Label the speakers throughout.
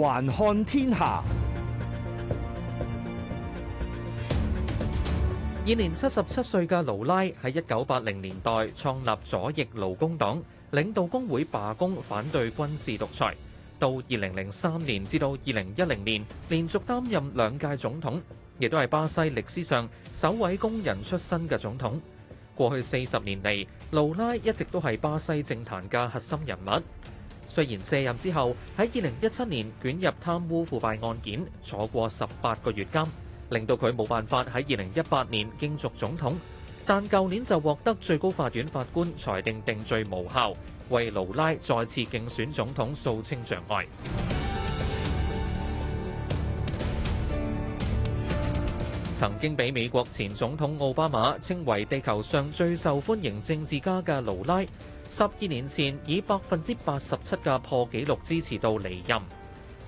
Speaker 1: 環看天下，現年七十七歲嘅盧拉喺一九八零年代創立左翼勞工黨，領導工會罷工，反對軍事獨裁。到二零零三年至到二零一零年，連續擔任兩屆總統，亦都係巴西歷史上首位工人出身嘅總統。過去四十年嚟，盧拉一直都係巴西政壇嘅核心人物。雖然卸任之後喺二零一七年捲入貪污腐敗案件，坐過十八個月監，令到佢冇辦法喺二零一八年競逐總統，但舊年就獲得最高法院法官裁定定罪無效，為盧拉再次競選總統掃清障礙。曾經俾美國前總統奧巴馬稱為地球上最受歡迎政治家嘅盧拉。十二年前，以百分之八十七嘅破紀錄支持度離任。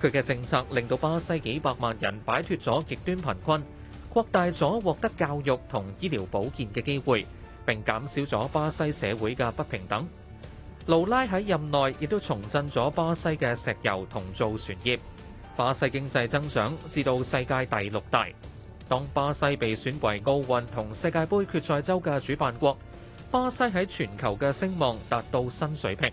Speaker 1: 佢嘅政策令到巴西幾百萬人擺脱咗極端貧困，擴大咗獲得教育同醫療保健嘅機會，並減少咗巴西社會嘅不平等。盧拉喺任內亦都重振咗巴西嘅石油同造船業，巴西經濟增長至到世界第六大。當巴西被選為奧運同世界盃決賽周嘅主辦國。巴西喺全球嘅聲望達到新水平。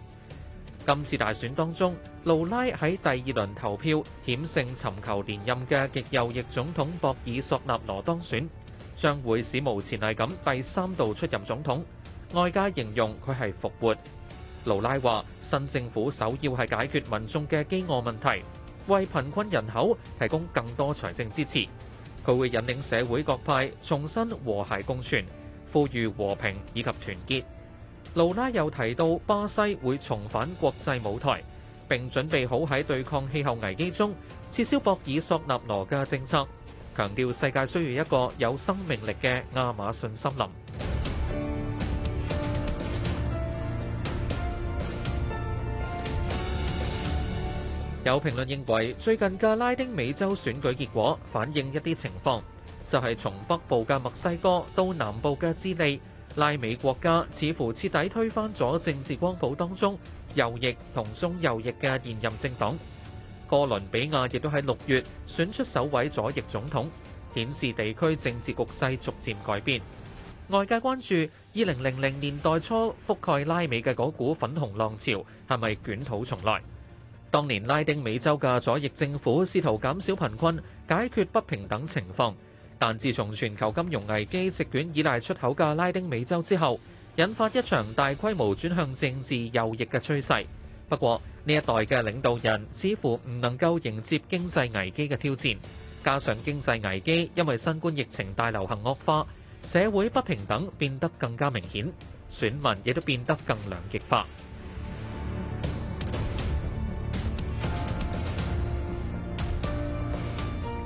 Speaker 1: 今次大選當中，盧拉喺第二輪投票險勝尋求連任嘅極右翼總統博爾索納羅當選，將會史無前例咁第三度出任總統。外界形容佢係復活。盧拉話：新政府首要係解決民眾嘅飢餓問題，為貧困人口提供更多財政支持。佢會引領社會各派重新和諧共存。呼籲和平以及團結。盧拉又提到，巴西會重返國際舞台，並準備好喺對抗氣候危機中撤銷博爾索納羅嘅政策，強調世界需要一個有生命力嘅亞馬遜森林。 有評論認為，最近嘅拉丁美洲選舉結果反映一啲情況。就係、是、從北部嘅墨西哥到南部嘅智利，拉美國家似乎徹底推翻咗政治光譜當中右翼，和中右翼同中右翼嘅現任政黨。哥倫比亞亦都喺六月選出首位左翼總統，顯示地區政治局勢逐漸改變。外界關注二零零零年代初覆蓋拉美嘅嗰股粉紅浪潮係咪捲土重來？當年拉丁美洲嘅左翼政府試圖減少貧困、解決不平等情況。但自從全球金融危機席捲依賴出口嘅拉丁美洲之後，引發一場大規模轉向政治右翼嘅趨勢。不過呢一代嘅領導人似乎唔能夠迎接經濟危機嘅挑戰，加上經濟危機因為新冠疫情大流行惡化，社會不平等變得更加明顯，選民亦都變得更兩極化。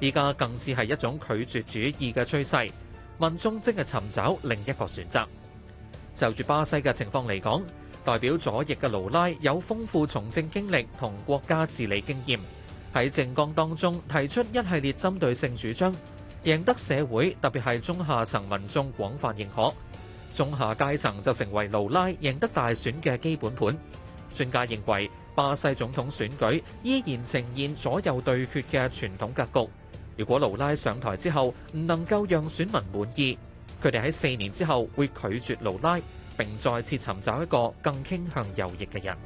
Speaker 1: 依家更似係一種拒絕主義嘅趨勢，民眾正係尋找另一個選擇。就住巴西嘅情況嚟講，代表左翼嘅盧拉有豐富從政經歷同國家治理經驗，喺政綱當中提出一系列針對性主張，贏得社會特別係中下層民眾廣泛認可。中下階層就成為盧拉贏得大選嘅基本盤。專家認為，巴西總統選舉依然呈現左右對決嘅傳統格局。如果盧拉上台之後唔能夠讓選民滿意，佢哋喺四年之後會拒絕盧拉，並再次尋找一個更傾向右翼嘅人。